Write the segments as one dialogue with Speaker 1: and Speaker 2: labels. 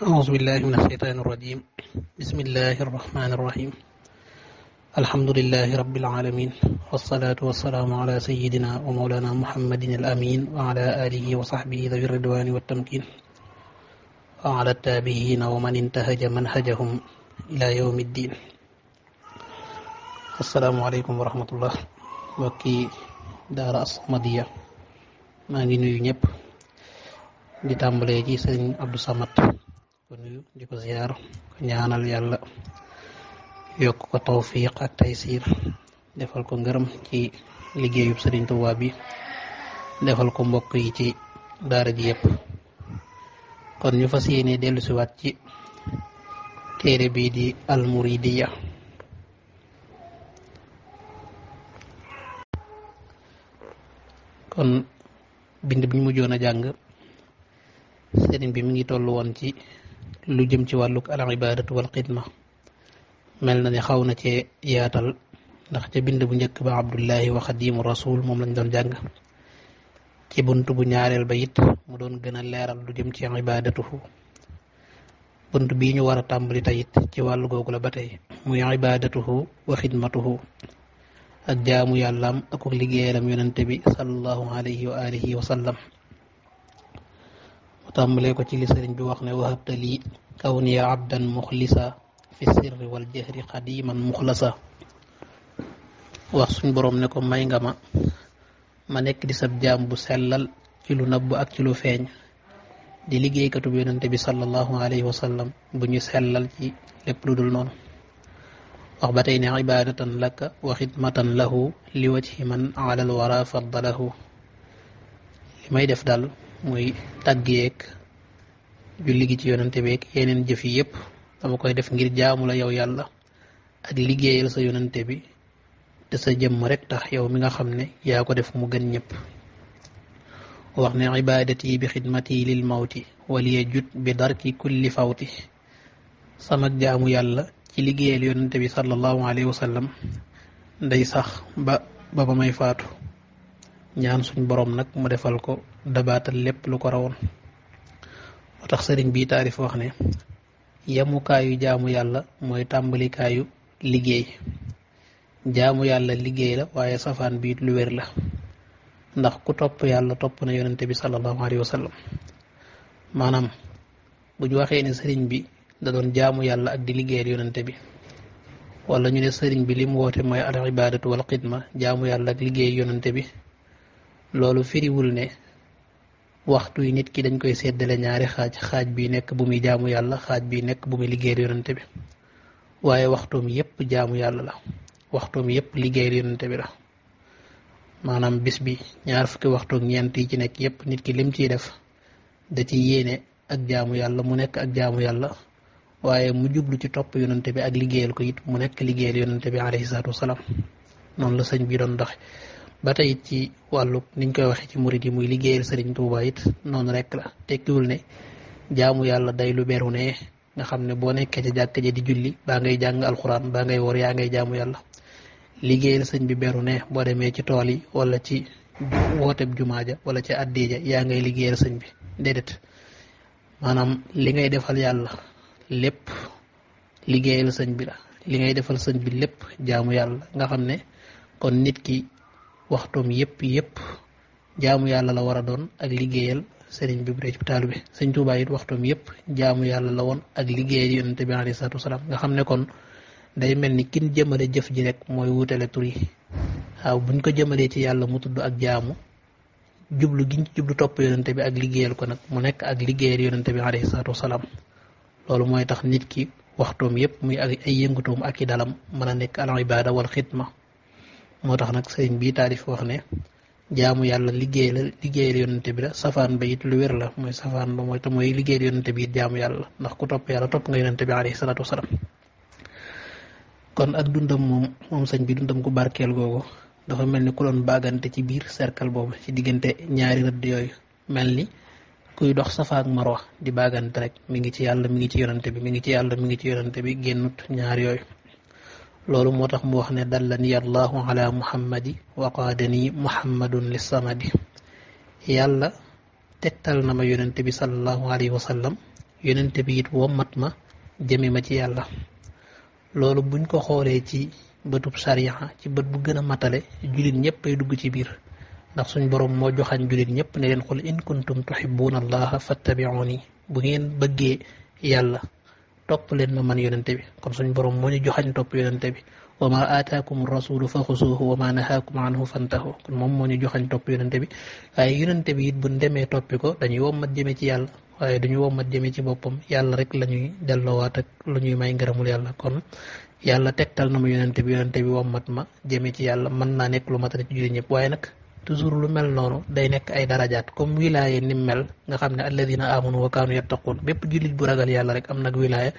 Speaker 1: أعوذ بالله من الشيطان الرجيم بسم الله الرحمن الرحيم الحمد لله رب العالمين والصلاة والسلام على سيدنا ومولانا محمد الأمين وعلى آله وصحبه ذوي الردوان والتمكين وعلى التابعين ومن انتهج منهجهم إلى يوم الدين السلام عليكم ورحمة الله وكي دار الصمدية ما نيو ñep دي تامبلي ci Serigne Abdou ko nuyu di ko ziar ko ñaanal yàlla yokk ko tawfiq ak taysir defal ko ngërëm ci liggéeyub sëriñ tuba bi defal ko mbokk yi ci daara ji yépp kon ñu fas ci di almuridiya kon bind bi ñu mujjoon a jàng sëriñ bi mi ngi ci lu jëm ci wàlluk al ibaadatu wal xidma mel na ni xaw na ce yaatal ndax ca bind bu njëkk ba abdullahi wa xadimu rasul moom lañ doon jàng ci bunt bu ñaareel ba it mu doon gën a leeral lu jëm ci ibaadatuhu bunt bii ñu war a tàmbali tayit ci wàllu googu la ba tey muy ibaadatuhu wa xidmatuhu ak jaamu yàllaam ak liggéeyalam yonente bi sallallahu alayhi wa alihi wa sallam tàmbalee ko ci li sëriñ bi wax ne wahabta lii kaw niya abdan muxlisa fi sirri wal jahri xadiman muxlasa wax suñ boroom ne ko may nga ma ma nekk di sab jaam bu sellal ci lu nëbb ak ci lu feeñ di liggéeykatu bi yonente bi sallallahu alayhi wa sallam bu ñu sellal ci lépp lu dul noonu wax ba tey ne ibadatan laka wa xidmatan lahu li wajhi man ala alwara faddalahu li may def daal muy tagg yeeg julli gi ci yonante beeg yeneen jëf yi yépp dama koy def ngir jaamu la yow yàlla ak liggéeyal sa yonante bi te sa jëmm rek tax yow mi nga xam ne yaa ko def mu gën ñëpp wax ne ibaadati bi xidmati lil jut bi darki kulli fawti samak jaamu yàlla ci liggéeyal yonante bi sallallahu alayhi wa sallam day sax ba ba ba may faatu ñaan suñ boroom nag mu defal ko dabaatal lépp lu ko rawoon moo tax sëriñ bi taarif wax ne yamukaayu jaamu yàlla mooy tàmbalikaayu liggéey jaamu yàlla liggéey la waaye safaan bi lu wér la ndax ku topp yàlla topp na yonente bi sallallahu alayhi wa maanaam bu ñu waxee ne sëriñ bi da doon jaamu yàlla ak di liggéeyal yonente bi wala ñu ne sëriñ bi li mu woote mooy al ibadatu wal xidma jaamu yàlla ak liggéey yonente bi loolu firiwul ne waxtu yi nit ki dañ koy seddale ñaari xaaj xaaj bi nekk bu muy jaamu yàlla xaaj bi nekk bu muy liggéeyal yonante bi waaye waxtoom yépp jaamu yàlla la waxtoom yépp liggéeyal bi la maanaam bis bi ñaar fukki waxtu ñeent yi ci nekk yépp nit ki lim ciy def da ci yéene ak jaamu yàlla mu nekk ak jaamu yàlla waaye mu jublu ci topp yonante bi ak liggéeyal ko it mu nekk liggéeyal yonante bi alayhi salaatu wasalaam noonu la sëñ bi doon doxe ba tey it ci wàllu niñ koy waxee ci murid yi muy liggéeyal sëriñ Tuuba it noonu rek la tekkiwul ne jaamu yàlla day lu beru ne nga xam ne boo nekkee ca jàkka ja di julli baa ngay jàng alxuraan baa ngay wor yaa ngay jaamu yàlla liggéeyal sëñ bi beru ne boo demee ci tool yi wala ci wooteb jumaa ja wala ci addi ja yaa ngay liggéeyal sëñ bi déedéet maanaam li ngay defal yàlla lépp liggéeyal sëñ bi la li ngay defal sëñ bi lépp jaamu yàlla nga xam ne kon nit ki waxtoom yëpp yëpp jaamu yàlla la war a doon ak liggéeyal sëriñ bi bu dee ci taal bi sëñ Tuubaa it waxtoom yëpp jaamu yàlla la woon ak liggéeyal yonent bi alayhi salaatu wasalaam nga xam ne kon day mel ni kin jëmale jëf ji rek mooy wutale tur yi waaw buñ ko jëmalee ci yàlla mu tudd ak jaamu jublu giñ ci jublu topp yonent bi ak liggéeyal ko nag mu nekk ak liggéeyal yonent bi alayhi salaatu wasalaam loolu mooy tax nit ki waxtoom yëpp muy ak ay yëngutoom ak i dalam mën a nekk al ibada wal xidma moo tax nag sëñ bii taalif wax ne jaamu yàlla liggéey la liggéeyal yonante bi la safaan ba it lu wér la mooy safaan ba mooy te mooy liggéeyal yonante bi it jaamu yàlla ndax ku topp yàlla topp nga yonante bi alayhi salaatu wasalaam kon ak dundam moom sëñ bi dundam ku barkeel googu dafa mel ni ku doon bàggante ci biir serkal boobu ci diggante ñaari rëdd yooyu mel ni kuy dox safa ak marwa di bàggante rek mu ngi ci yàlla mi ngi ci yonante bi mu ngi ci yàlla mi ngi ci yonante bi génnut ñaar yooyu loolu moo tax mu wax ne dallani allahu ala muhammadi waqaadani muhammadun lissamadi yàlla tegtal na ma yonent bi salallahu alayhi wa sallam yonent bi it wommat ma jëme ma ci yàlla loolu buñ ko xoolee ci bëtub sariya ci bët bu gën a matale jullit ñépp ay dugg ci biir ndax suñ boroom moo joxañ jullit ñépp ne leen qul in kuntum tuhibbuna allaha fattabi'uni bu ngeen bëggee yàlla topp leen ma man yonente bi kon suñ borom moo ñu joxañ topp yonente bi ma aataakum rasulu fa xusuuhu wa ma moom moo ñu joxañ topp yonente bi waaye yonente bi it buñ demee toppi ko dañuy wommat jëme ci yàlla waaye duñu wommat jëme ci boppam yàlla rek la ñuy delloowaat ak lu ñuy may ngërëmul yàlla kon yàlla tegtal na ma yonente bi yonente bi wommat ma jëme ci yàlla mën naa nekk lu matal ci jullit ñëpp waaye nag toujours lu mel noonu day nekk ay darajaat comme wilaya ni mel nga xam ne alladina amanu wa kaanu yattaqun bépp jullit bu ragal yàlla rek am nag wilaya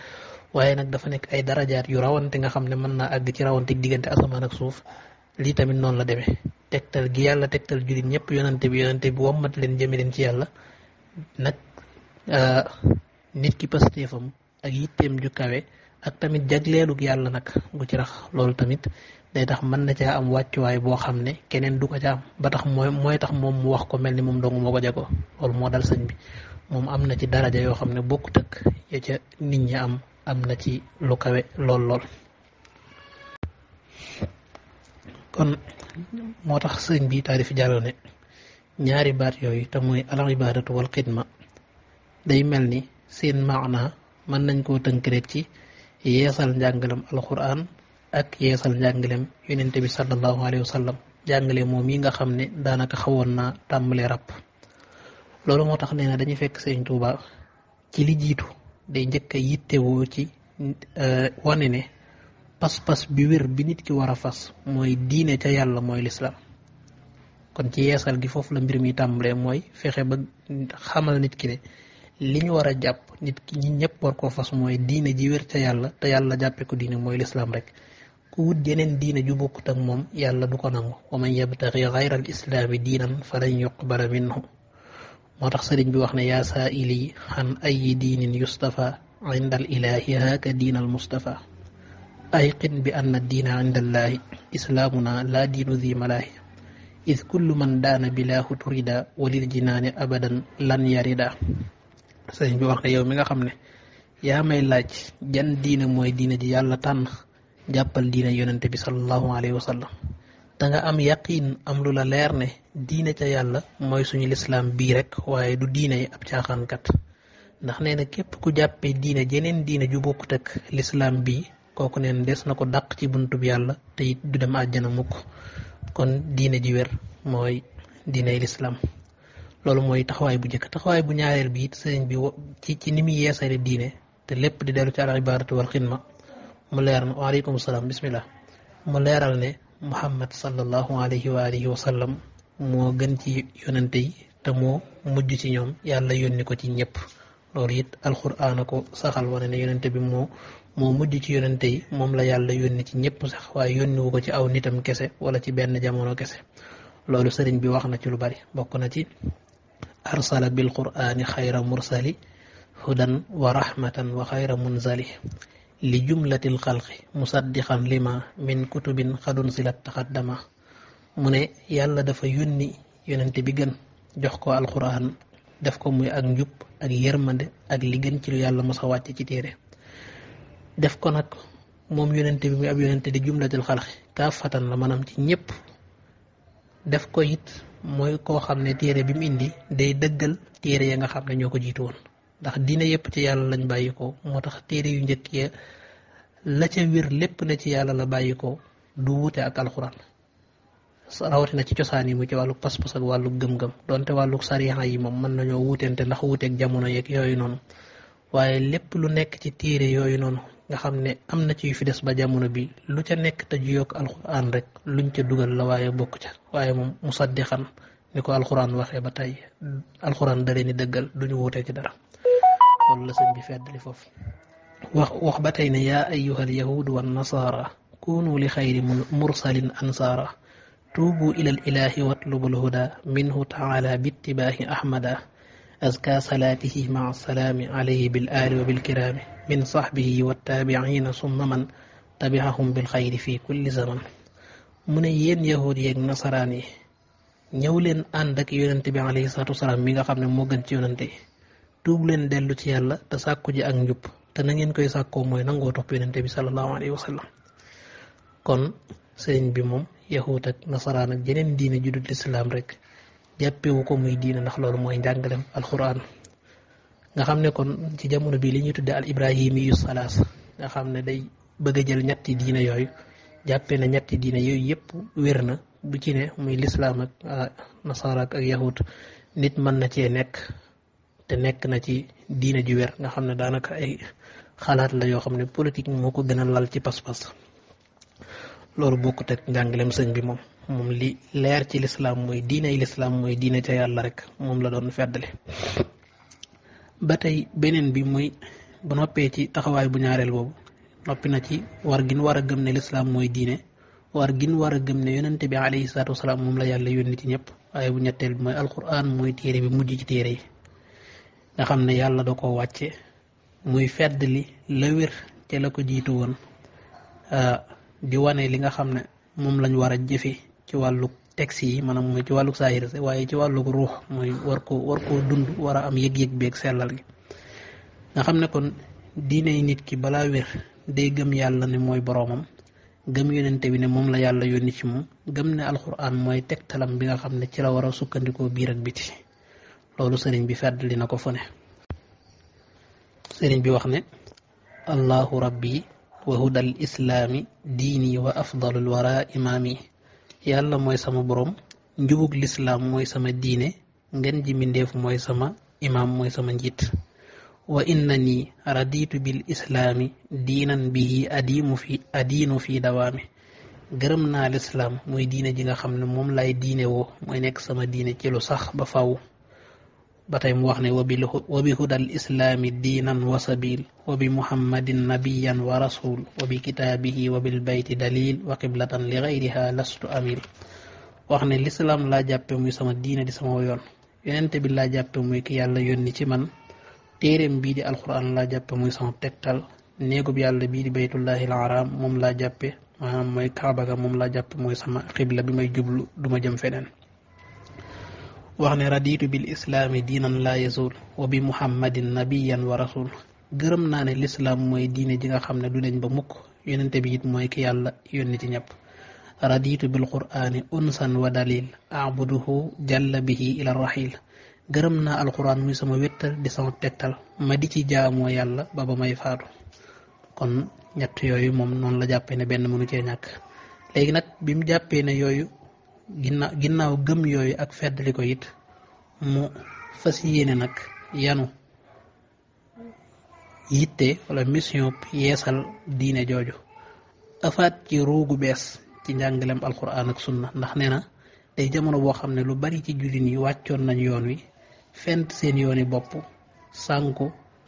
Speaker 1: waaye nag dafa nekk ay darajaat yu rawante nga xam ne mën naa àgg ci rawanteeg diggante asamaan ak suuf lii tamit noonu la demee tegtal gi yàlla tegtal jullit ñëpp yonante bi yonante bi wommat leen jëme leen ci yàlla nag euh, nit ki pastéefam ak yitteem ju kawe ak tamit jagleelug yàlla nag gu ci rax loolu day tax mën na caa am wàccuwaay boo xam ne keneen du ko ca am ba tax mooy mooy tax moom mu wax ko mel ni moom dong moo ko jagoo loolu moo dal sëñ bi moom am na ci daraja yoo xam ne bokku tëkk ca nit ñi am ci lu kawe lool lool kon moo tax sëñ bi taarif jàllo ne ñaari baat yooyu te mooy al ibaadatu wal xidma day mel ni seen maana mën nañ koo tënk rek ci yeesal njàngalam alquran ak yeesal jàngaleem yonente bi sallallahu alayhi wa sallam jàngale moom yi nga xam ne daanaka xawoon naa tàmbale ràpp loolu moo tax nee na dañuy fekk Sëriñ Tuuba ci li jiitu day njëkk a yittewoo ci euh, wane ne pas-pas bi wér bi nit ki war a fas mooy diine ca yàlla mooy lislaam kon ci yeesal gi foofu la mbir mi tàmbalee mooy fexe ba xamal nit ki ne li ñu war a jàpp nit ki ñi ñëpp war koo fas mooy diine ji wér ca yàlla te yàlla jàppe ko diine mooy lislaam rek كود جنن دين جو بوك يالا دوكو نانغو ومن يبتغي غير الاسلام دينا فلن يقبل منه موتاخ سيرن بي واخنا يا سائلي عن اي دين يصطفى عند الاله هاك دين المصطفى ايقن بان الدين عند الله اسلامنا لا دين ذي ملاهي إذ كل من دان بلاه تريد وللجنان أبدا لن يريد سيدي بوخ يوم ميغا خامني يا ماي لاج دين موي دين جي تان jàppal diine yonante bi sallallahu alayhi wa sallam da nga am yaqiin am lu la leer ne diine ca yàlla mooy suñu lislaam bii rek waaye du diine ab caaxaankat ndax nee na képp ku jàppee diine jeneen diine ju bokkut ak lislaam bii kooku neen des na ko dàq ci bunt bi yàlla te it du dem àjjana mukk kon diine ji wér mooy diine lislaam loolu mooy taxawaay bu jëkk taxawaay bu ñaareel bi it sëriñ bi ci ci ni muy yeesale diine te lépp di dellu ci al ibaadatu ملير وعليكم السلام بسم الله ملير علي محمد صلى الله عليه وآله وسلم مو غنتي تمو مجتي يوم يالا يونيكو تي نيب لوريت القران كو ساخال وني يوننتي بي مو مو مجتي يوننتي لا يالا يوني تي نيب صاح واي او نيتام كيسه ولا تي بن جامونو كيسه لولو سيرين بي واخنا تي لو باري بوكنا تي ارسل بالقران خير مرسل هدى ورحمه وخير منزل li jumlatil xalqi musaddixan lima min kutubin xadun silat dama mu ne yàlla dafa yónni yonente bi gën jox ko alxuraan def ko muy ak njub ak yërmande ak li gën ci lu yàlla mos a wàcc ci téere def ko nag moom yonente bi muy ab yonente di jumlatil xalqi kaafatan la maanaam ci ñépp def ko it mooy koo xam ne téere bi mu indi day dëggal téere yaa nga xam ne ñoo ko jiitu woon ndax diine yépp ci yàlla lañu bàyyi moo tax téere yu njëkk ya la ca wér lépp na ci yàlla la bàyyi ko du wuute ak alxuraan rawatina ci cosaan yi mu ci wàllu pas-pas ak wàllu gëm-gëm donte wàllu sariya yi moom mën nañoo wuutente ndax wuuteeg jamono yeeg yooyu noonu waaye lépp lu nekk ci téere yooyu noonu nga xam ne am na ci yu fi des ba jamono bi lu ca nekk te ju yokk alxuraan rek luñ ca dugal la waaye bokk ca waaye moom musaddixan ni ko alxuraan waxee ba tey alxuraan da ni dëggal duñu wuute ci dara قال لسن بفاد لفوفي وخبتين يا أيها اليهود والنصارى كونوا لخير مرسل أنصارى توبوا إلى الإله واطلبوا الهدى منه تعالى باتباه أحمد أزكى صلاته مع السلام عليه بالآل وبالكرام من صحبه والتابعين ثم من تبعهم بالخير في كل زمن من ين يهودي نصراني نيولن عندك يونتبي عليه الصلاة والسلام ميغا خبن موغن تيونتبي tuub leen dellu ci yalla ta sakku ji ak njub ta na ngeen koy sakko moy nango top bi salallahu alayhi wa kon sëriñ bi mom yahuut ak nasaraan ak jenen diine ju dul islam rek wu ko muy diine ndax lolu moy jangalem alquran nga xamne kon ci jamono bi li tudde al ibrahimi yu salaas nga xamne day bëgg jël ñetti diine yoy jappé na ñetti diine yoy yépp wërna bu ci ne muy l'islam ak ah, nasara ak yahuut nit man na ci nek te nekk na ci diine ju wér nga xam ne daanaka ay xalaat la yoo xam ne politique moo ko gën a lal ci pas-pas loolu bokkut ak njàngaleem sëñ bi moom moom li leer ci lislaam mooy diine yi diine ca yàlla rek moom la doon feddale ba tey beneen bi muy bu noppee ci taxawaay bu ñaareel boobu noppi na ci war gin war a gëm ne lislaam mooy diine war gin war a gëm ne yonente bi alayhi salaatu wasalaam moom la yàlla yónni ci ñëpp waaye bu ñetteel bi mooy alquran mooy téere bi mujj ci téere yi nga xam ne yàlla doo ko wàcce muy fedd li la wér ca la ko jiitu woon ah, di wane li nga xam ne moom lañu war a jëfe ci wàllu texte yi maanaam mooy ci wàllu saahir waaye ci wàllu ruux mooy war ko war koo dund war a am yëg-yëg beeg sellal gi nga xam ne kon yi nit ki balaa wér day gëm yàlla ne mooy boroomam gëm yonente bi ne moom la yàlla yónni ci moom gëm ne alxuraan mooy tegtalam bi nga xam ne ci la war a sukkandikoo biir ak biti loolu sëriñ bi feddli na ko fu sëriñ bi wax ne allahu rabbi wa hudal islaami diini wa afdalul wara imaami yàlla mooy sama boroom njubug lislaam mooy sama diine ngeen ji mbindéef mooy sama imaam mooy sama njiit wa inna ni raditu bil islaami diinan bihi adimu fi dawaami gërëm naa lislaam muy diine ji nga xam ne moom lay diine woo mooy nekk sama diine ci lu sax ba faw ba tey mu wax ne wa bi hudal islaami diinan wa sabil wa bi muhammadin nabiyan wa rasul wa bi kitaabihi wa bil dalil wa qiblatan li gayriha lastu amil wax ne lislaam laa jàppe muy sama diina di yoon yonente bi laa jàppe muy ki yàlla yónni ci man téeréem bii di alquran laa jàppe muy sama tegtal néegub yàlla bii di baytullahi alharam moom laa jàppe maanaam mooy moom laa jàppe mooy sama xibla bi may jublu duma jëm feneen wax ne raditu bil islaami diinan laa yazul wa bi muhammadin nabiyan wa rasul gërëm naa ne lislaam mooy diine ji nga xam ne du deñ ba mukk yonente bi it mooy ki yàlla yónni ci ñëpp raditu bil qur'aani unsan wa dalil abuduhu jalla bihi ila rahil gërëm naa alquran muy sama wéttal di sama tegtal ma di ci jaamoo yàlla ba ba may faatu kon ñett yooyu moom noonu la jàppee ne benn mënu cee ñàkk léegi nag bi mu jàppee ne yooyu ginnaaw ginnaaw gëm yooyu ak fedd feddali ko it mu fas yéene nag yanu yitte wala mission yeesal diine jooju afaat ci ruugu bees ci njàngaleem alquran ak sunna ndax nee na tey jamono boo xam ne lu bari ci jullit yi wàccoon nañ yoon wi fent seen yooni bopp sànku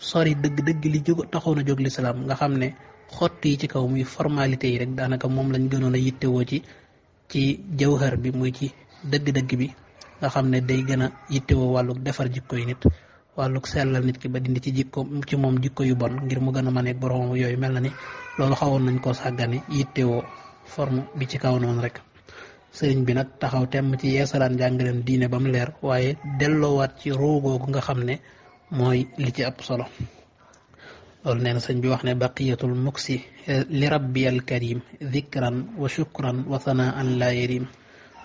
Speaker 1: sori dëgg-dëgg li jóg taxoon a jóg lislaam nga xam ne xott yi ci kaw muy formalité yi rek daanaka moom lañ gënoon a yittewoo ci ci jawhar bi muy ci dëgg-dëgg bi nga xam ne day gën a yittewoo wàlluk defar jikko yi nit wàlluk sellal nit ki ba dindi ci jikko ci moom jikko yu bon ngir mu gën a mën a borom yooyu mel na ni loolu xawoon nañ koo sàggane yittewoo forme bi ci kaw noonu rek sëriñ bi nag taxaw temm ci yeesalaan jàngaleen diine ba mu leer waaye delloowaat ci ruugoogu nga xam ne mooy li ci ab solo loolu nee na sëñ bi wax ne baqiyatul muksi li rabbiyal karim dhikran wa shukran wa sanaan la yarim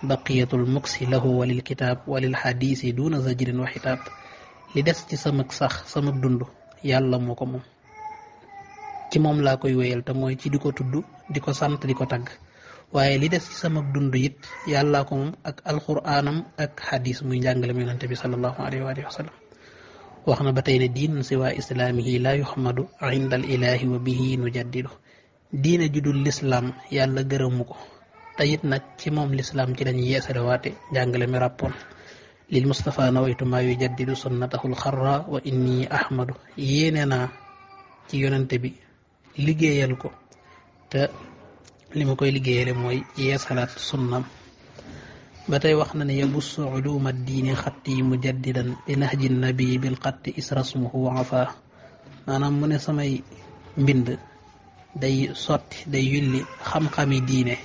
Speaker 1: baqiyatul muksi lahu walil kitaab walil xadiisi duuna zajrin wa xitaab li des ci samak sax samak dund yàlla moo ko moom ci moom laa koy wéyal ta mooy ci di ko tudd di ko sant di ko tagg waaye li des ci sama dund it yàllaa ko moom ak alquraanam ak xadis muy njàngale mu yonante bi sallallahu alayhi wa sallam wax na ba tey ne diinun siwa islaamihi la yuxmadu inda al ilahi wa bihi nujaddidu diine judul lislaam yàlla gërëmu ko te it nag ci moom lislaam ci lañu yeesalewaate jàngale mi ràppoon lil mustapha nawaytu maa yu jaddidu sunnatahul xarra wa inni ahmadu yéene naa ci yonente bi liggéeyal ko te li ma koy liggéeyale mooy yeesalaat sunnam ba tey wax na ne yabus uluma diini xatti mujaddidan bi nahji nabi bil xatti israsmuhu wafa maanaam mu ne samay mbind day sotti day yulli xam-xami diine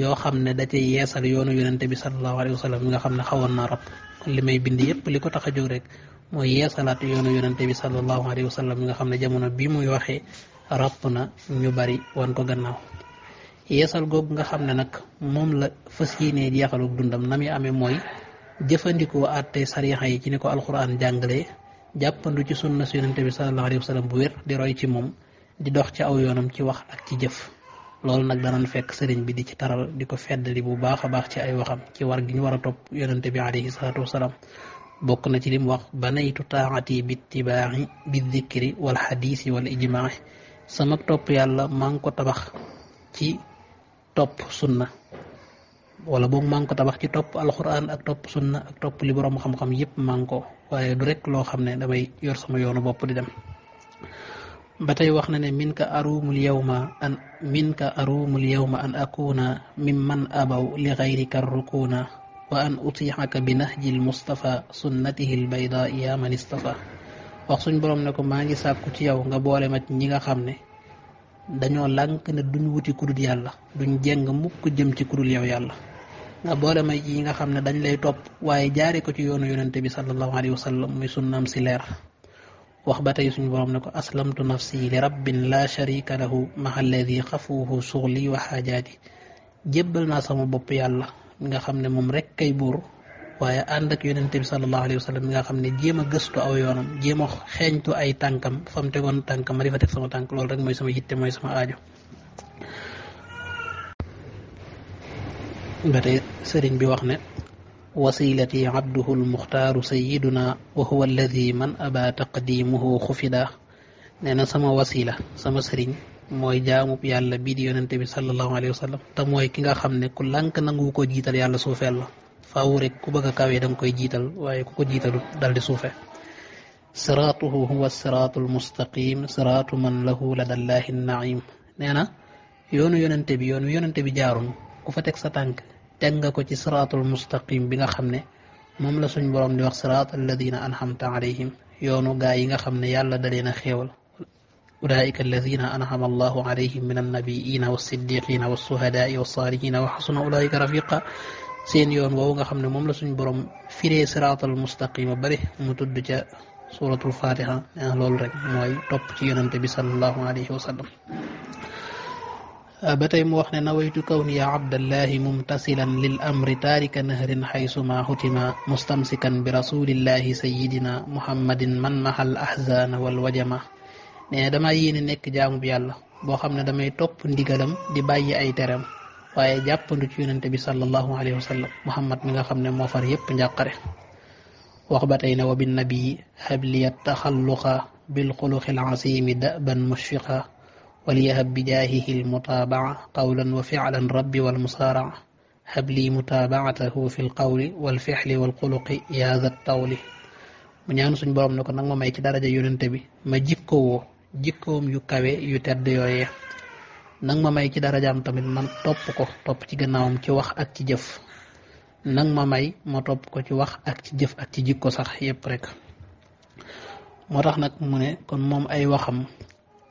Speaker 1: yoo xam ne da cay yeesal yoonu yonente bi salallahu alayhi wa sallam mi nga xam ne xawoon na rab kon li may bind yépp li ko tax a jóg rek mooy yeesalaat yoonu yonente bi salallahu alayhi wa sallam mi nga xam ne jamono bi muy waxee rab na ñu bari wan ko gannaaw yeesal googu nga xam ne nag moom la fas ne jeexalug dundam na muy amee mooy jëfandikoo àtte sariixa yi ci ni ko alxuraan jàngalee jàppandu ci sunna su yonente bi sallallahu alayhi wa sallam bu wér di roy ci moom di dox ci aw ci wax ak ci jëf loolu nag danañ fekk sëriñ bi di ci taral di ko feddali bu baax a baax ci ay waxam ci war gi ñu war a topp yonente bi alayhi salaatu wasalaam bokk na ci lim wax banaytu taati bi itibaaxi bi dikri wal xadiisi wal ijmaaxi sama topp yàlla maa ngi ko tabax ci top sunna wala bok mang ko tabax ci top alquran ak top sunna ak top li borom xam-xam yep mang ko waye du rek lo xamne damay yor sama yoonu bop di dem batay wax na ne minka arumul yawma an minka arumul yawma an akuna mimman abaw li ghayrika rukuna wa an utixaka bi nahjil mustafa sunnatihi al bayda ya man istafa wax suñ borom ne ko maa ngi sàkku ci yaw nga boole ma ñi nga xamne dañoo lànk ne duñ wuti kudul yàlla duñ jeng mukk jëm ci kudul yow yàlla nga boole ma yi nga xam ne dañ lay topp waaye jaare ko ci yoonu yonente bi sallallahu alayhi wa sallam muy sunnaam si leer wax ba tey suñu borom ne ko aslamtu nafsi li rabbin la sharika lahu maha alladi xafuuhu suxli wa yi jébbal naa sama bopp yàlla nga xam ne moom rek kay buur waye andak yonentibi sallallahu alayhi wasallam nga xamne jema gëstu aw yonam jema xegnatu ay tànkam fam tegon tànkam ma di sama tànk lol rek moy sama yitte moy sama aaju ba tey sëriñ bi waxne wasilati abduhu almukhtar sayyiduna wa huwa alladhi man aba taqdimuhu khufida nena sama wasila sama sëriñ moy jaamub yàlla bi di yonentibi sallallahu alayhi wasallam ta moy ki nga xamne ku lànk nangu ko jiital yàlla so fel فاورك كبغا كاوي دا نكوي جيتال واي كوكو جيتال دال دي سوفه صراطه هو الصراط المستقيم صراط من له لدى الله النعيم نانا يونو يوننت بي يونو يوننت بي جارون كو فاتك ساتانك تانغا كو سي صراط المستقيم بيغا خامني موم لا سوني بوروم دي واخ صراط الذين انعمت عليهم يونو غا ييغا خامني يالا دالينا خيوال أولئك الذين أنعم الله عليهم من النبيين والصديقين والشهداء والصالحين وحسن أولئك رفيقا seen yoon woowu nga xam ne moom la suñu borom firee siraatal mustaqima bari mu tudd ca suratul fatiha ah, loolu rek mooy topp ci yonante bi salallahu alayhi wa sallam ba tey mu wax ne nawaytu kawni ya abdallahi mumtasilan lil amri taarika nahrin xaysuma xutima mustamsikan bi rasulillahi sayidina muhammadin man mahal ahzana wa wajama nee dama yéene nekk jaamu bi yàlla boo xam ne damay topp ndigalam di bàyyi ay teram waaye jàppandu ci yonente bi sallallahu alayhi wa sallam muhammad mi nga xam ne moo far yépp njàqare wax ba tey ne wa bin nabii habliya taxalluqa bil xuluqi al asimi daban mushfiqa وليهب بجاهه المتابعة قولا وفعلا رب والمصارعة هب لي متابعته في القول والفعل والخلق يا ذا الطول mu ñaan suñ borom ne ko nag ma may ci daraja yonente bi ma jikkowoo jikkoom yu kawe yu tedd yooyee nang ma may ci darajaam tamit man topp ko topp ci gannaawam ci wax ak ci jëf nang ma may ma topp ko ci wax ak ci jëf ak ci jikko sax yépp rek moo tax nag mu ne kon moom ay waxam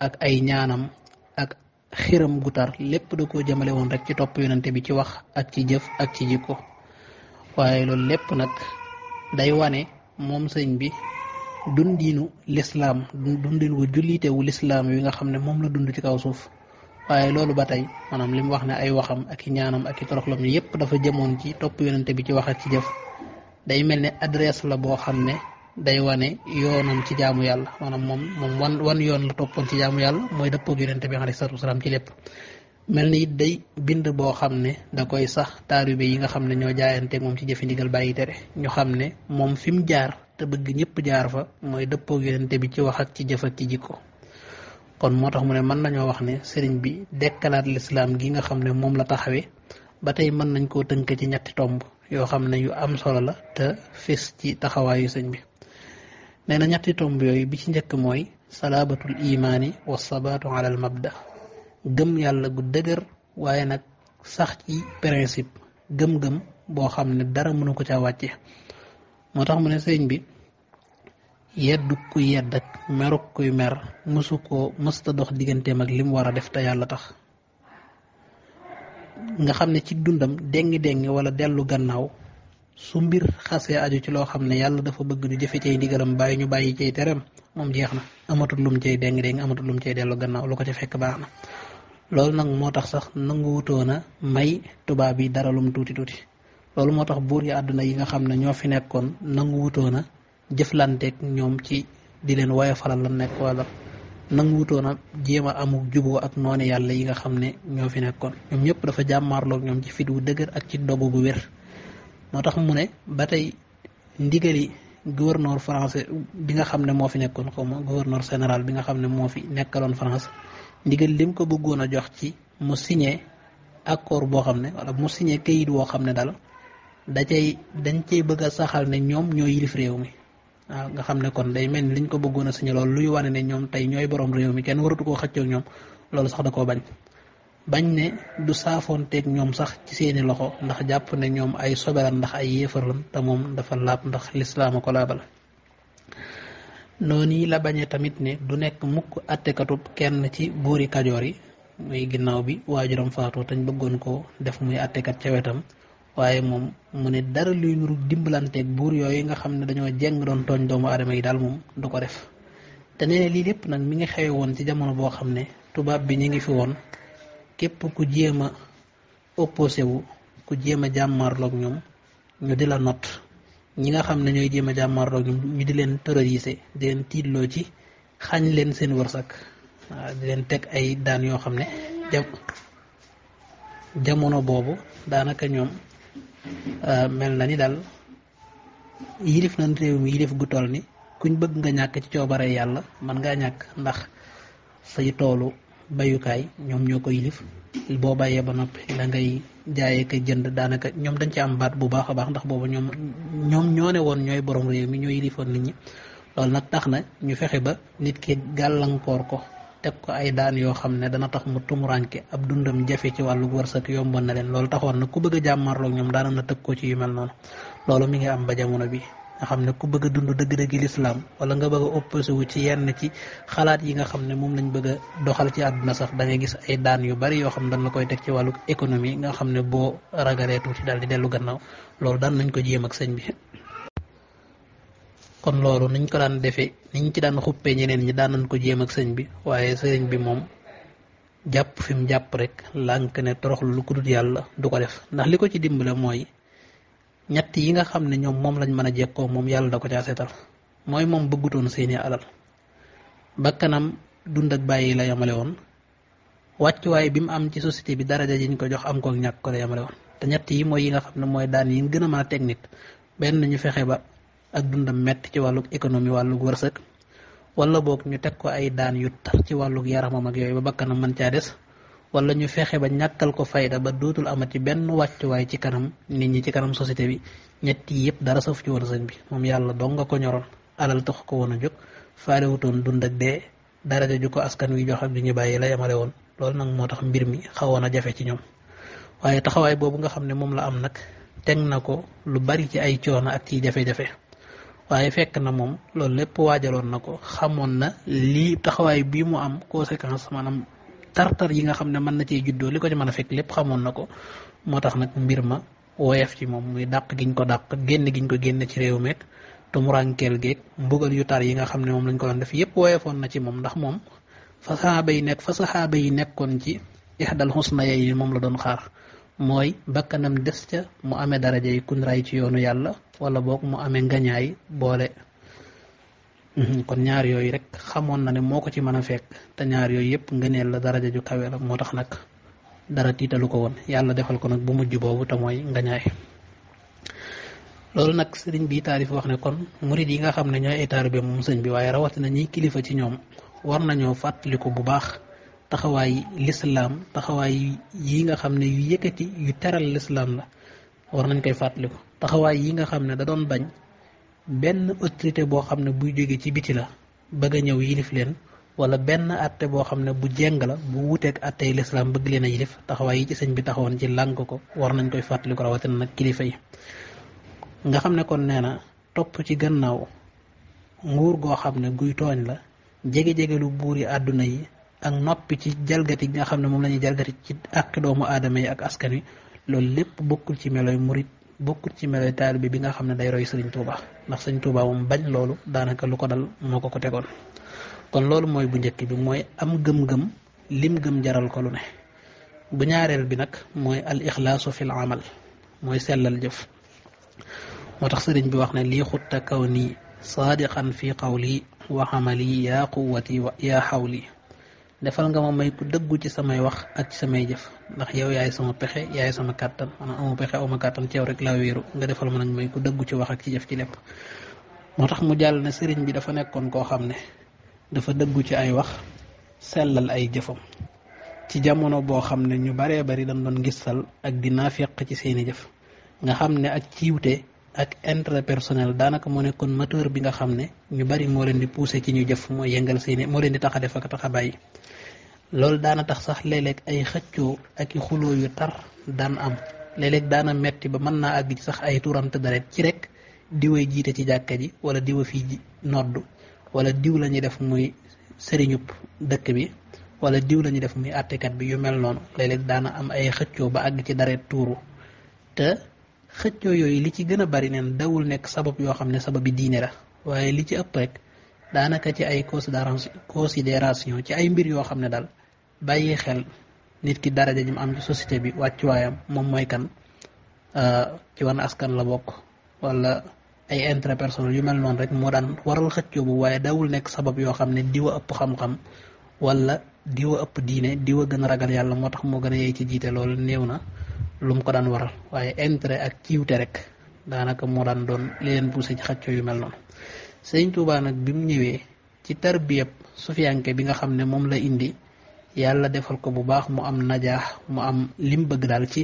Speaker 1: ak ay ñaanam ak xiram gu tar lépp da koo jëmale woon rek ci topp yonante bi ci wax ak ci jëf ak ci jikko waaye loolu lépp nag day wane moom sëñ bi dundiinu lislaam dundin wu jullitewu lislaam wi nga xam ne moom la dund ci kaw suuf waye loolu batay manam lim wax ne ay waxam ak ñaanam ak toroxlam yépp dafa jëmon ci top yonente bi ci wax ak ci jëf day melni adresse la bo day wone yoonam ci jaamu yalla manam mom mom wan wan yoon la topon ci jaamu yàlla mooy dëppoog yonente bi alayhi salaatu ci lepp melni day bind bo da koy sax taalibe yi nga ne jaayante ci jëf ndigal bayyi téré ñu ne fim jaar te bëgg ñëpp jaar fa mooy dëppoog bi ci wax ak ci jëf ak ci jikko kon moo tax mu ne mën nañoo wax ne sëriñ bi dekkalaat lislaam gi nga xam ne moom la taxawee ba tey mën nañ koo tënk ci ñetti tomb yoo xam ne yu am solo la te fés ci taxawaayu sëñ bi nee na ñetti tomb yooyu bi ci njëkk mooy salaabatul imaani wa sabaatu ala al mabda gëm yàlla gu dëgër waaye nag sax ci principe gëm-gëm boo xam ne dara mënu ko ca wàcce moo tax mu ne sëriñ bi yeddu ku yedd ak meruk kuy mer mësu koo mësta dox digganteem ak lim war a def te yàlla tax nga xam ne ci dundam dengi dengi wala dellu gannaaw su mbir xasee aju ci loo xam ne yàlla dafa bëgg ñu jëfe cay ndigalam bàyyi ñu bàyyi cay tereem moom jeex na amatul lum cay dengi dengi amatul lum cay dellu gannaaw lu ko ca fekk baax na loolu nag moo tax sax nangu wutoona may tubaab yi dara lum tuuti tuuti loolu moo tax buur yi àdduna yi nga xam ne ñoo fi nekkoon nangu wutoona jëflanteeg ñoom ci di leen waaye falal la nekk wala nanguwutoon a jéem a amuk juboo ak noonu yàlla yi nga xam ne ñoo fi nekkoon ñoom ñëpp dafa jàmmaarlook ñoom ci fit wu dëgër ak ci dogu bu wér moo tax mu ne ba tey ndigali gouverneur france bi nga xam ne moo fi nekkoon xaw ma gouverneur général bi nga xam ne moo fi nekkaloon France ndigal lim ko bëggoon a jox ci mu signé accord boo xam ne wala mu signé kayit woo xam ne daal da cay dañ cay bëgg a saxal ne ñoom ñoo yilif réew mi waaw ah, nga xam ne kon day mel ni liñ ko bëggoon a signé lool luy wane ne ñoom tey ñooy borom réew mi kenn waratu koo xëccoo ak ñoom loolu sax da koo bañ bañ ne du saafoonteeg ñoom sax ci seeni loxo ndax jàpp ne ñoom ay sobelan ndax ay yéefaran te moom dafa laab ndax lislaama ko laabal noonu la bañee tamit ne du nekk mukk attekatub kenn ci buuri kajoor yi muy ginnaaw bi waajuram faatoo tañ bëggoon ko def muy attekat ca wetam waaye moom mu ne dara luy nuru ak buur yooyu nga xam ne dañoo jeng doon tooñ doomu aadama yi daal moom du ko def te nee na lii lépp nag mi ngi xewe woon ci jamono boo xam ne tubaab bi ñi ngi fi woon képp ku jéem a opposé wu ku jéem a jàmmaarloog ñoom ñu di la not ñi nga xam ne ñooy jéem a jàmmaarloog ñoom ñu di leen terroriser di leen tiitloo ci xañ leen seen wërsëg waaw di leen teg ay daan yoo xam ne jamono boobu daanaka ñoom Euh, mel na ni daal yilif nañ réew mi yilif bu toll ni kuñ bëgg nga ñàkk ci coobare yàlla man ngaa ñàkk ndax say toolu bayukaay ñoom ñoo ko yilif boo bàyyee ba noppi la ngay jaayee ko jënd daanaka ñoom dañ ci am baat bu baax a baax ndax boobu ñoom ñoo ne woon ñooy borom réew mi ñoo yilifoon nit ñi loolu nag tax na ñu fexe ba nit ki gàllankoor ko teg ko ay daan yoo xam ne dana tax mu tumuraanke ab dundam jafe ci wàllu wërsëg yomboon na leen loolu taxoon na ku bëgg a jàmmarloog ñoom daanoon na teg ko ci yu mel noonu loolu mi ngi am ba jamono bi nga xam ne ku bëgg a dund dëgg-dëggi lislaam wala nga bëgg a opposé wu ci yenn ci xalaat yi nga xam ne moom lañ bëgg a doxal ci àdduna sax da ngay gis ay daan yu bari yoo xam ne dañ la koy teg ci wàllu économie nga xam ne boo ragalee tuuti daal di dellu gannaaw loolu daan nañ ko jéem ak sëñ bi kon loolu niñ ko daan defee niñ ci daan xuppe ñeneen ñi daan nañ ko jéem ak sëñ bi waaye sëriñ bi moom jàpp fi mu jàpp rek lànk ne toroxlu lu ko yàlla du ko def ndax li ko ci dimbale mooy ñett yi nga xam ne ñoom moom lañ mën a jekkoo moom yàlla da ko caa seetal mooy moom bëggutoon seeni alal kanam dund ak bàyyi la yamale woon wàccuwaay bi mu am ci société bi daraja yi ñu ko jox am ko ñàkk ko la yamale woon te ñett yi mooy yi nga xam ne mooy daan yi gën a mën a teg nit benn ñu fexe ba ak dundam metti ci wàllug économie wàllug wërsëg wala boog ñu teg ko ay daan yu tar ci wàllug yaramam ak yooyu ba bakkanam man caa des wala ñu fexe ba ñàkkal ko fayda ba dootul yi benn wàccuwaay ci kanam nit ñi ci kanam société bi ñett yi yëpp dara saf ci woon sëñ bi moom yàlla dong nga ko ñoroon alal tax ko woon a jóg faalewutoon dund ak dee dara ju ko askan wi jox ak ñu bàyyi la yemale woon loolu nag moo tax mbir mi xawoon a jafe ci ñoom waaye taxawaay boobu nga xam ne moom la am nag teg na ko lu bari ci ay coono ak ciy jafe-jafe waaye fekk na moom loolu lépp waajaloon na ko xamoon na lii taxawaay bii mu am conséquence maanaam tartar yi nga xam ne mën na cee juddoo li ko ci mën a fekk lépp xamoon na ko moo tax nag mbir ma woyef ci moom muy dàq giñ ko dàq génn giñ ko génn ci réew meek tumuraankeel geeg mbugal yu tar yi nga xam ne moom lañ ko doon def yépp woyefoon na ci moom ndax moom fa saxaaba yi nekk fa saxaaba yi nekkoon ci ixdal xusna yi moom la doon xaar mooy bakkanam des ca mu amee daraja yi kun ci yoonu yàlla wala boog mu amee ngañaay boole mhm, kon ñaar yooyu rek xamoon na ne moo ko ci mën a fekk te ñaar yooyu yëpp ngëneel la daraja ju kawe la moo tax nag dara tiitalu ko woon yàlla defal ko nag bu mujj boobu te mooy ngañaay loolu nag sëriñ bi taarif wax ne kon murid yi nga xam ne ñooy ay taalibe moom sëñ bi waaye rawatina ñiy kilifa ci ñoom war nañoo fàttaliku bu baax taxawaay lislaam taxawaay yi nga xam ne yu yëkkati yu teral lislaam la war nañ koy fàttaliku taxawaay yi nga xam ne da doon bañ benn autorité boo xam ne buy jóge ci biti la bëgg a ñëw yilif leen wala benn atte boo xam ne bu jeng la bu wuteeg attey lislaam bëgg leen a yilif taxawaay yi ci sëñ bi taxawoon ci lànk ko war nañ koy fàttaliku rawatina nag kilifa yi nga xam ne kon nee na topp ci gannaaw nguur goo xam ne guy tooñ la jege jege lu buuri àdduna yi ak noppi ci jalgati nga xam ne moom lañuy ñuy jalgati ci ak doomu aadama yi ak askan wi loolu lépp bokkul ci meloy murit bokkul ci meloy taalibe bi nga xam ne day roy sëriñ Touba ndax sëñ Touba moom bañ loolu daanaka lu ko dal moo ko ko tegoon kon loolu mooy bu njëkk bi mooy am gëm-gëm lim gëm jaral ko lu ne bu ñaareel bi nag mooy al ixlaasu fil mooy sellal jëf moo tax sëriñ bi wax ne lii xutta kaw nii saadiqan fi qawli wa amali yaa quwati wa yaa defal nga ma may ku dëggu ci samay wax ak samay jëf ndax yow yaay sama pexe yaay sama kàttan maanaam ma pexe amu kàttan ci rek laa wéeru nga defal ma nag may ku dëggu ci wax ak ci jëf ci lépp moo tax mu jàll ne sëriñ bi dafa nekkoon koo xam ne dafa dëggu ci ay wax sellal ay jëfam ci jamono boo xam ne ñu baree bari dañ doon gisal ak di naafeq ci seeni jëf nga xam ne ak ciwte ak intre personnel daanaka moo nekkoon moteur bi nga xam ne ñu bari moo leen di pousser ci ñu jëf mooy yëngal seeni moo leen di tax a def ak tax a bàyyi loolu daana tax sax léeg ay xëccoo ak i xuloo yu tar daan am léeg-léeg daana metti ba mën naa àgg ci sax ay turam te ci rek diwa jiite ci jàkka ji wala diwa fii noddu wala diw la ñuy def muy sëriñub dëkk bi wala diw la ñuy def muy àttekat bi yu mel noonu léeg-léeg daana am ay xëccoo ba àgg ci deret tuuru xëccoo yooyu li ci gën a bari neen dawul nekk sabab yoo xam ne sababi diine la waaye li ci ëpp rek daanaka ci ay considération ci ay mbir yoo xam ne daal bàyyi xel nit ki dara ji mu am ci société bi wàccuwaayam moom mooy kan euh, ci wan askan la bokk walla ay intérêt personnel yu mel noonu rek moo daan waral xëccoo bu waaye dawul nekk sabab yoo xam ne diwa ëpp xam-xam wala diwa ëpp diine diwa gën a ragal yàlla moo tax moo gën a yey ci jiite loolu néew na lu mu ko daan waral waaye intérêt ak kiiwte rek daanaka moo daan doon li leen buuse ci xacco yu mel noonu sëñ Tuubaa nag bi mu ñëwee ci tarbiyab sufiyanke bi nga xam ne moom la indi yàlla defal ko bu baax mu am najaa mu am lim bëgg daal ci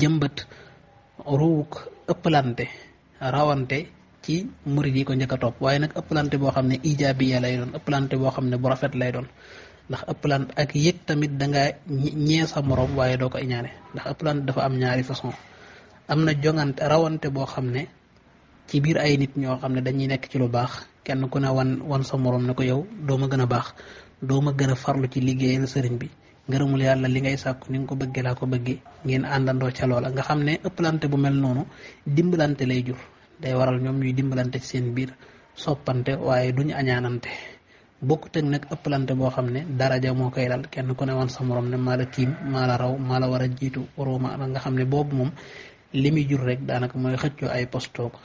Speaker 1: jëmbat ruuk ëppalante rawante ci murid yi ko njëkk a topp waaye nag ëppalante boo xam ne ijaabiya lay doon ëppalante boo xam ne bu rafet lay doon ndax ëppalante ak yëg tamit da nga ñee sa morom waaye doo ko iñaane ndax ëppalante dafa am ñaari façon am na jongante rawante boo xam ne ci biir ay nit ñoo xam ne dañuy nekk ci lu baax kenn ku ne wan wan sa moroom ne ko yow doo ma gën a baax doo ma gën a farlu ci liggéeyal sëriñ bi ngërëmul yàlla li ngay sàkku ni nga ko bëggee laa ko bëggee ngeen àndandoo ca loola nga xam ne ëppalante bu mel noonu dimbalante lay jur day waral ñoom ñuy dimbalante ci seen biir soppante waaye duñu añaanante bokk ak nag ëppalante boo xam ne daraja moo koy lal kenn ku ne wan sa morom ne maa la tiim maa la raw maa la war a jiitu waroo ma nga xam ne boobu moom li muy jur rek daanaka mooy xëccoo ay ko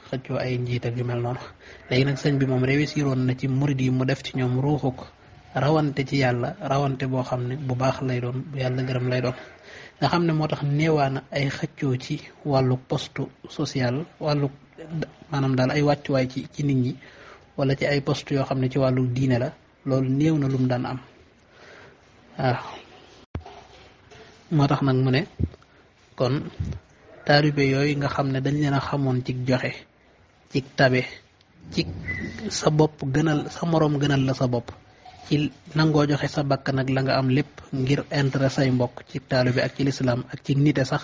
Speaker 1: xëccoo ay njiit ak yu mel noonu léegi nag sëñ bi moom réussir woon na ci murid yi mu def ci ñoom ruuxu ko rawante ci yàlla rawante boo xam ne bu baax lay doon bu yàlla gërëm lay doon nga xam ne moo tax neewaana ay xëccoo ci wàllu postu social wàllu maanaam daal ay wàccuwaay ci ci nit ñi wala ci ay poste yoo xam ne ci wàllu diine la loolu néew na lum daan am waaw moo tax nag mu ne kon taalibe yooyu nga xam ne dañ leen a xamoon cig joxe cig tabe ci sa bopp gënal sa moroom gënal la sa bopp ci nangoo joxe sa bakk nag la nga am lépp ngir intérêt say mbokk ci taalibe ak ci lislaam ak ci nite sax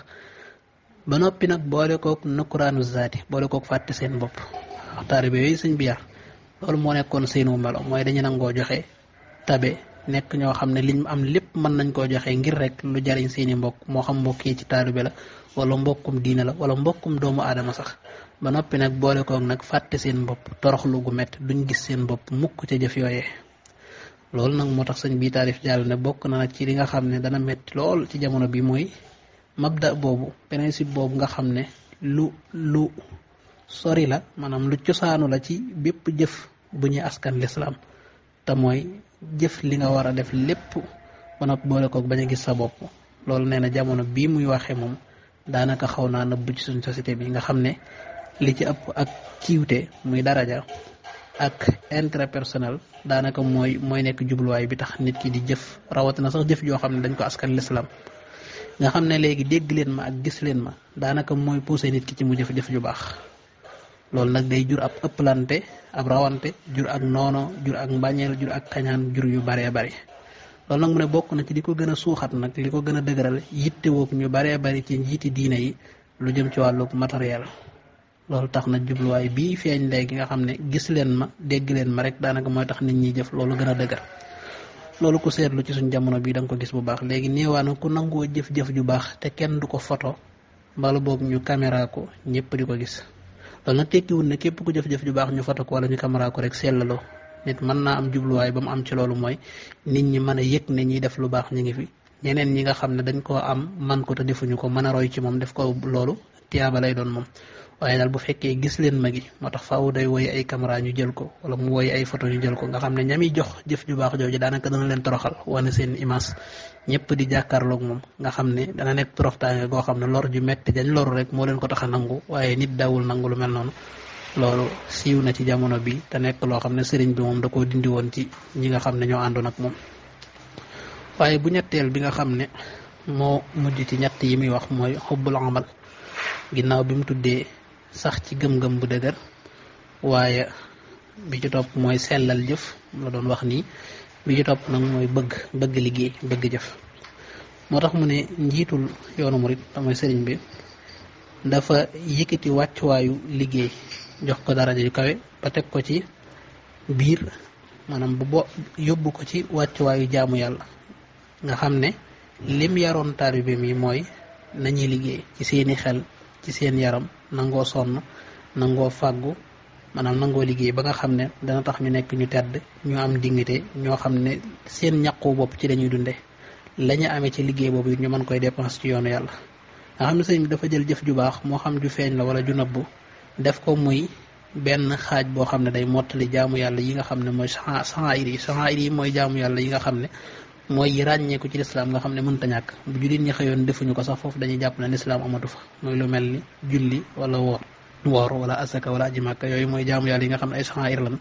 Speaker 1: ba noppi nag boole kook nukkuraanu zaati boole kook fàtte seen bopp taalibe yooyu sëñ bi loolu mo nekkon seenu melo moy dañu nango joxe tabe nekk ño xamne liñ am lepp man nañ ko joxe ngir rek lu jariñ seeni mbokk mo xam mbokk ci talibé la wala mbokkum diine la wala mbokkum doomu adama sax ba nopi nak boole ko nak fatte seen bopp toroxlu gu met duñ gis seen mbop mukk ci jëf yoyé lool nak motax señ bi tarif jall ne bokk na ci li nga xamne dana met, lool ci jamono bi moy mabda bobu principe bobu nga xamne lu lu sori la manam lu ciosanu la ci bepp jëf bu ñuy askan lislaam te mooy jëf li nga war a def lépp ba noppi boole koog bañ a gis sa bopp loolu nee na jamono bii muy waxee moom daanaka xaw naa nëbb ci suñ société bi nga xam ne li ci ëpp ak kiiwte muy daraja ak intérêt personnel daanaka mooy mooy nekk jubluwaay bi tax nit ki di jëf rawatina sax jëf joo xam ne dañ ko askan lislaam nga xam ne léegi dégg leen ma ak gis leen ma daanaka mooy poussé nit ki ci mu jëf jëf ju baax loolu nag day jur ab ëpplante ab rawante jur ak noono jur ak mbañeel jur ak kañaan jur yu baree bari loolu nag mu ne bokk na ci di ko gën a suuxat nag li ko gën a dëgëral yitte woog ñu baree bari ci njiiti diine yi lu jëm ci wàllu matériel loolu tax na jubluwaay bii feeñ léegi nga xam ne gis leen ma dégg leen ma rek daanaka mooy tax nit ñi jëf loolu gën a dëgër loolu ku seetlu ci suñ jamono bii da nga ko gis bu baax léegi néewaana ku nangoo jëf-jëf ju baax te kenn du ko photo mbala boog ñu caméra ko ñëpp di ko gis loolu nag tekkiwul ne képp ku jëf-jëf ju baax ñu foto ko wala ñu caméra ko rek sellaloo nit mën naa am jubluwaay ba mu am ci loolu mooy nit ñi mën a yëg ne ñiy def lu baax ñu ngi fi ñeneen ñi nga xam ne dañ koo am man ko te defuñu ko mën a roy ci moom def ko loolu tiyaaba lay doon moom waaye daal bu fekkee gis leen ma gi moo tax faaw day woy ay caméra jël ko wala mu woy ay photo ñu jël ko nga xam ne ñami jox jëf ju baax jooju daanaka dana leen toroxal wane seen image ñëpp di jàkkaarloog moom nga xam ne dana nekk toroxtaange goo xam ne lor ju metti dañ loru rek moo leen ko tax a waaye nit daawul nangu lu mel noonu loolu siiw na ci jamono bi te nekk loo xam ne sëriñ bi moom da koo dindi woon ci ñi nga xam ne ñoo àndoon ak moom waaye bu ñetteel bi nga xam ne moo mujj ci ñett yi muy wax mooy xubbul amal ginnaaw bi mu tuddee sax ci gëm-gëm bu dëgër waaye bi ci topp mooy sellal jëf la doon wax nii bi ci topp nag mooy bëgg bëgg liggéey bëgg jëf moo tax mu ne njiitul yoonu murit damay sëriñ bi dafa yëkkati wàccuwaayu liggéey jox ko daraja yu kawe ba teg ko ci biir maanaam bu bo yóbbu ko ci wàccuwaayu jaamu yàlla nga xam ne lim yaroon taalibeem yi mooy nañuy liggéey ci seeni xel ci seen yaram nangoo sonn nangoo fàggu maanaam nangoo liggéey ba nga xam ne dana tax ñu nekk ñu tedd ñu am dignité ñoo xam ne seen ñaqu bopp ci lañuy dunde lañu amee ci liggéey boobu it ñu mën koy dépense ci yoonu yàlla nga xam ne sëñ bi dafa jël jëf ju baax moo xam ju feeñ la wala ju nëbbu def ko muy benn xaaj boo xam ne day mottali jaamu yàlla yi nga xam ne mooy saxaayir yi saxaayir yi mooy jaamu yàlla yi nga xam ne mooy ràññeeku ci lislaam loo xam ne mënta ñàkk bu jullit ñi xëyoon defuñu ko sax foofu dañuy jàpp ne lislaam amatu fa muy lu mel ni julli wala woor woor wala asaka wala aji màkka yooyu mooy jaamu yàlla yi nga xam ne ay saxaar lan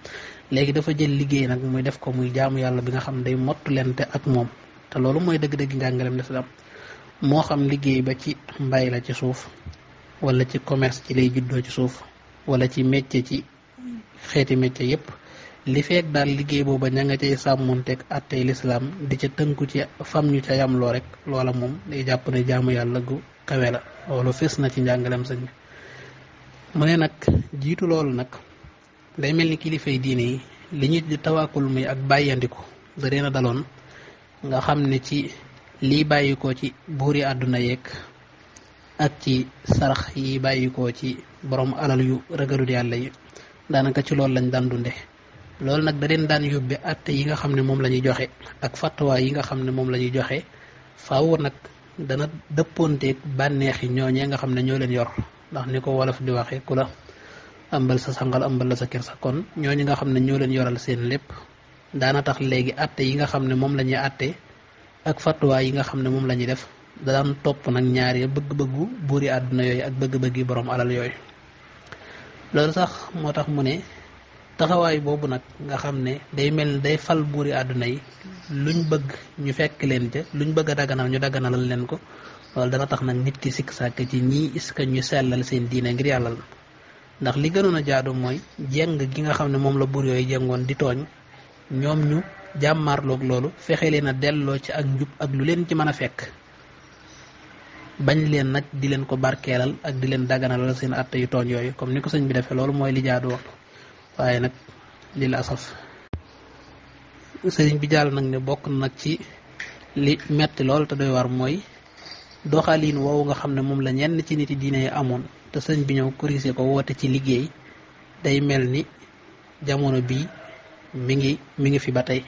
Speaker 1: léegi dafa jël liggéey nag muy def ko muy jaamu yàlla bi nga xam ne day mottu lente ak moom te loolu mooy dëgg-dëgg njàngalem lislaam moo xam liggéey ba ci mbay la ci suuf wala ci commerce ci lay juddoo ci suuf wala ci métier ci xeeti métier yépp li feek daal liggéey booba ña nga cay sàmmonteeg attey lislaam di ca tënku ci fam ñu ca yamloo rek loola moom day jàpp ne jaamu yàlla gu kawe la loolu fes na ci njàngalem sëñ bi mu ne nag jiitu loolu nag day mel ni kilifay diine yi li ñu di tawaakul muy ak bàyyandiku da na daloon nga xam ni ci lii bàyyikoo ci buuri àdduna yéeg ak ci sarax yi bàyyikoo ci borom alal yu ragalut yàlla yi daanaka ci loolu lañ daan dunde Lol nak da dan daan yóbbe atte yi nga xam mom lañuy la joxe ak fatwa yi nga mom lañuy la joxe faaw nag dana dëppoonteeg bànneexi ñooñee nga xam ñoo leen yor ndax niko wolof di kula ambal sa sangal ambal la sa kër sa kon ñooñu nga xam ñoo leen yoral seen lepp dana tax léegi atte yi nga xam mom lañuy la atte ak fatwa yi nga xam mom lañuy la def da top nak ñaar ya bëgg bëgg buuri aduna yoy ak bëgg bëgg borom alal yoy sax motax mu ne taxawaay boobu nag nga xam ne day mel day fal buuri àdduna yi lu ñu bëgg ñu fekk leen ca luñ bëgg a daganal ñu daganalal leen ko loolu dana tax nag nit ki sikk sàkk ci ñii iska ñu sellal seen diine ngir yàllal la ndax li gënoon a jaadu mooy jéng gi nga xam ne moom la buur yooyu jengoon di tooñ ñoom ñu jàmmaarloog loolu fexe leen a delloo ci ak njub ak lu leen ci mën a fekk bañ leen nag di leen ko barkeelal ak di leen daganalal seen àtte yu tooñ loolu mooy li jaadu waaye nag lil asaf sëriñ bi jàll nag ne bokk na nag ci li metti lool te doy war mooy doxaliin woowu nga xam ne moom la ñenn ci nit yi diine yi amoon te sëriñ bi ñëw corrigé ko woote ci liggéey day mel ni jamono bii mi ngi mi ngi fi ba tey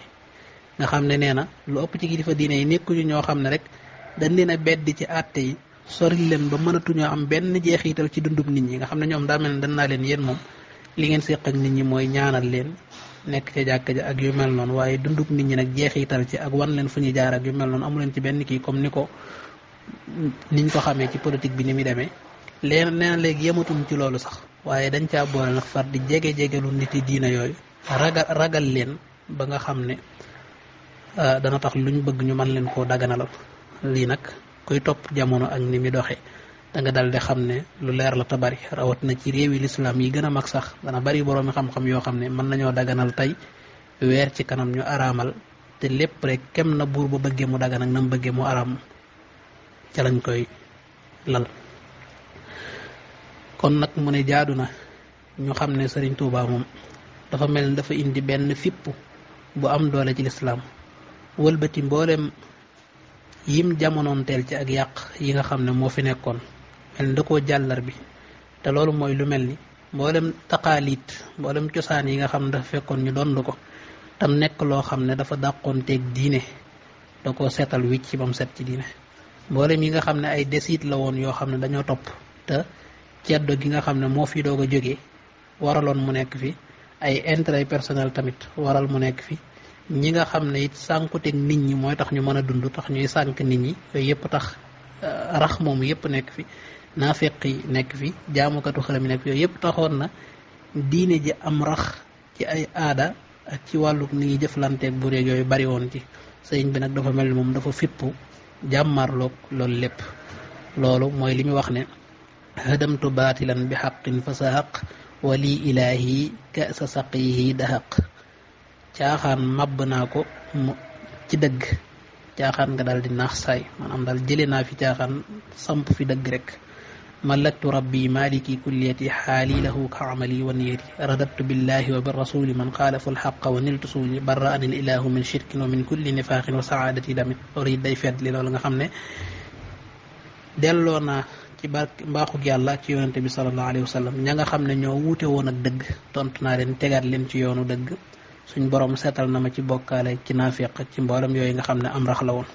Speaker 1: nga xam ne nee na lu ëpp ci kilifa diine yi nekkuñu ñoo xam ne rek dañ leen a bedd ci àtte yi sori leen ba mënatuñoo am benn jeexital ci dundum nit ñi nga xam ne ñoom daa mel ne dañ naa leen yéen moom li ngeen séq ak nit ñi mooy ñaanal leen nekk ca jàkka ja ak yu mel noonu waaye dunduk nit ñi nag jeexital ci ak wan leen fu ñuy jaar ak yu mel noonu amu leen ci benn kii comme ni ko niñ ko xamee ci politique bi ni muy demee leen nee léegi yematum ci loolu sax waaye dañ caa boole nag far di jege-jege nit yi diina yooyu ragal ragal leen ba nga xam ne ah, dana tax luñ bëgg ñu mën leen koo daganalal lii nag kuy topp jamono ak ni mi doxee da nga di xam ne lu leer la te bari rawat na ci réewi lislaam yi gën a mag sax dana bari boroomi xam-xam yoo xam ne mën nañoo daganal tey weer ci kanam ñu araamal te lépp rek kem na buur ba bëggee mu dagan nam bëggee mu araam ca lañ koy lal kon nag mu ne jaadu na ñu xam ne sëriñ tuuba moom dafa mel ni dafa indi benn fipp bu am doole ci lislaam wëlbati mbooleem yim jamonoonteel ci ak yàq yi nga xam ne moo fi nekkoon mel da ko jallar bi te loolu moy lu melni mbolam taqalit mbolam ciosan yi nga xam da fekkon ñu lu ko tam nek lo xamne dine, dafa setal diine da ko seetal wicc ba mu set ci diine mbolam yi nga xamne ay desit la won yoo xamne ne top te ceddo gi nga xamne mo fi waralon mu nek fi ay intérêt personnel tamit waral mu nek fi ñi nga xamne it sànkuteeg nit ñi moy tax ñu mëna dund tax ñuy sank nit ñi yépp tax euh, rax mom yépp nek fi nafiq yi nekk fi katu xalam nek nekk yep taxon na diine ji am rax ci ay aada ak ci walu ni ñuy jëflanteeg bu réeg yooyu bari won ci sëriñ bi nak dafa mel mom dafa fippu jamar lok lol lepp lolou moy limi wax ne hadamtu batilan bi haqqin fa wa wali ilahi ka sa saqihi dahaq caaxaan mabna ko ci deug caaxaan nga dal di nax say manam dal jele na fi samp fi deug rek ملكت ربي مالكي كليتي حالي له كعملي ونيتي رددت بالله وبالرسول من خالف الحق ونلت سوني برأني الإله من شرك ومن كل نفاق وسعادتي damit أريد day fedd li loolu nga xam ne delloo naa ci barke mbaaxug yàlla ci yonente bi sallallahu alayhi wa ña nga xam ne ñoo wuute woon ak dëgg tontu naa leen tegaat leen ci yoonu dëgg suñ borom seetal na ma ci bokkaale ci naafeq ci mboolem yooyu nga xam ne am la woon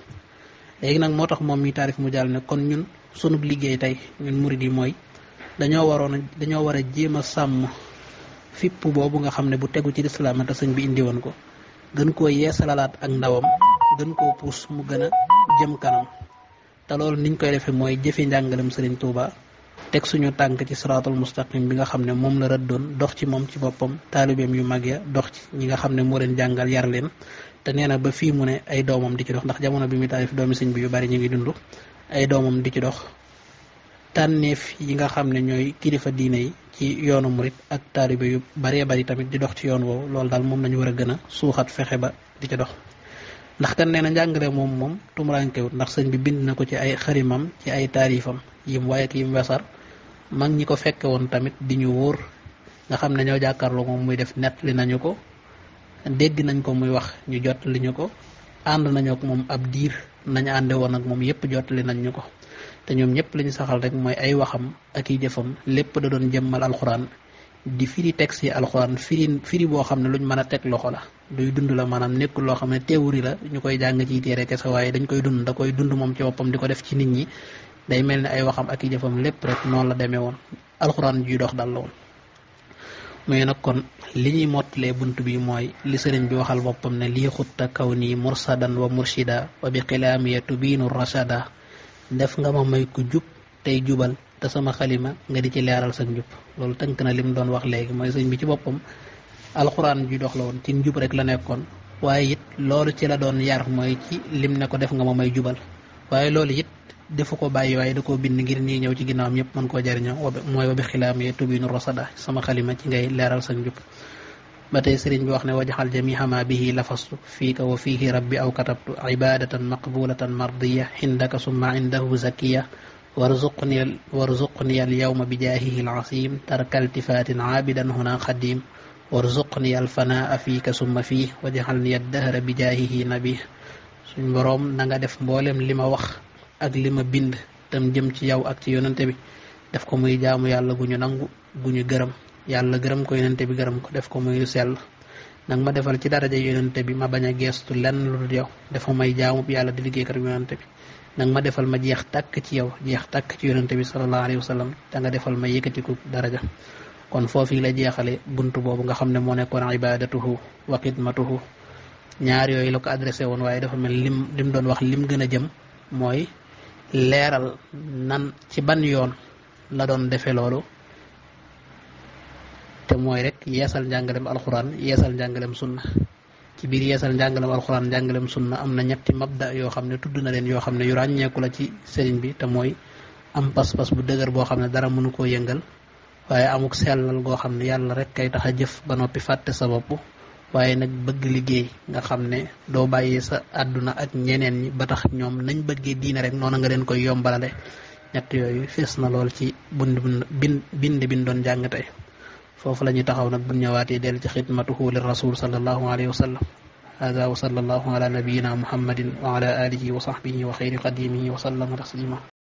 Speaker 1: léegi nag moo tax moom mi taarif mu jàll ne kon ñun sunub liggéey tey ñun murid yi mooy dañoo waroon dañoo war a jéem a sàmm fipp boobu nga xam ne bu tegu ci lislaam te sëñ bi indi woon ko gën koo yeesalalaat ak ndawam gën koo puus mu gën a jëm kanam te loolu niñ koy defee mooy jëfe njàngalem sëriñ Touba teg suñu tànk ci siraatul mustaqim bi nga xam ne moom la rëddoon dox ci moom ci boppam taalibeem yu mag ya dox ci ñi nga xam ne moo leen jàngal yar leen te nee na ba fii mu ne ay doomam di ci dox ndax jamono bi muy taalif doomi sëñ bi yu bari ñu ngi dund ay doomam di ci dox tànneef yi nga xam ne ñooy kilifa diine yi ci yoonu murit ak taalibe yu baree bari tamit di dox ci yoon woowu lool daal moom nañu war a gën a suuxat fexe ba di ci dox ndax kan nee na njàngale moom moom tumuraankewut ndax sëñ bi bind na ko ci ay xarimam ci ay taarifam yim waaye ak yim wesar mag ñi ko fekke woon tamit di ñu wóor nga xam ne ñoo jàkkaarloo moom muy def nettali nañu ko dégg nañ ko muy wax ñu jot li ñu ko ànd nañu ak moom ab diir nañ àndee woon ak moom yépp jottali nañ ñu ko te ñoom ñëpp li ñu saxal rek mooy ay waxam ak i jëfam lépp da doon jëmmal alxuraan di firi texte yi alxuraan firi firi boo xam ne luñ mën a teg loxo la duy dund la maanaam nekkul loo xam ne théorie la ñu koy jàng ciy téere kese waaye dañ koy dund da koy dund moom ci oppam di ko def ci nit ñi day mel ni ay waxam ak i jëfam lépp rek noonu la demee woon alxuraan juy dox dal woon mais nag kon li ñuy mottalee bunt bi mooy li sëriñ bi waxal boppam ne lii xutta kaw nii mursadan wa murshida wa bi xilaamiya tubiinu rashada def nga ma may ku jub tey jubal te sama xalima nga di ci leeral sa njub loolu tënk na lim doon wax léegi mooy sëñ bi ci boppam alxuraan ju dox la woon ci njub rek la nekkoon waaye it loolu ci la doon yar mooy ci lim ne ko def nga ma may jubal waaye loolu it defu ko bàyyi waaye da koo bind ngir ñii ñëw ci ginnaawam ñëpp mën koo jariñoo wabi mooy wabi xilaam yee tubinu rosada sama xalima ci ngay leeral sa njub ba tey sëriñ bi wax ne wajaxal jamihama bihi lafastu fii ka wa fiihi rabbi aw katabtu ibadatan maqbulatan mardiya indaka summa indahu zakiya warzuqni warzuqni alyawma bijaahihi alasim tarkaltifaatin aabidan huna xadim warzuqni alfanaa fiika summa fii wajaxal ni bi bijaahihi nabi suñ boroom na nga def mboolem li ma wax ak li ma bind tam jëm ci yow ak ci yonante bi def ko muy jaamu yàlla gu ñu nangu gu ñu gërëm yàlla gërëm ko yonante bi gërëm ko def ko muy lu sell nag ma defal ci daraja yonante bi ma bañ geestu lenn lu dul yow dafa may jaamu yàlla di liggéey kat yonante bi nag ma defal ma jeex tàkk ci yow jeex tàkk ci yonante bi sallallahu alayhi wa sallam da nga defal ma yëkkatiku daraja kon foofii la jeexale buntu boobu nga xam ne moo nekkoon ibadatuhu wa xidmatuhu ñaar yooyu la ko adressé woon waaye dafa mel lim lim doon wax lim gën a jëm mooy leeral nan ci ban yoon la doon defe loolu te mooy rek yeesal njàngalem alxuraan yeesal njàngalem sunna ci biir yeesal njàngalem alxuraan njàngalem sunna am na ñetti mabda yoo xam ne tudd na leen yoo xam ne yu ràññeeku la ci sëriñ bi te mooy am pas-pas bu dëgër boo xam ne dara mënu koo yëngal waaye amuk sellal goo xam ne yàlla rek kay tax a jëf ba noppi fàtte sa bopp waaye nag bëgg liggéey nga xam ne doo bàyyee sa àdduna ak ñeneen ñi ba tax ñoom nañ bëggee diine rek noonu nga leen koy yombalale ñett yooyu fees na lool ci bund bind bind bi doon jàng tey foofu la ñuy taxaw nag bu ñëwaatee dellu ci xidmatuhu li rasul sallallahu alayhi wa sallam hada wa sallallahu ala nabiyina muhammadin wa ala alihi wa sahbihi wa xayri qadimihi wa sallama taslima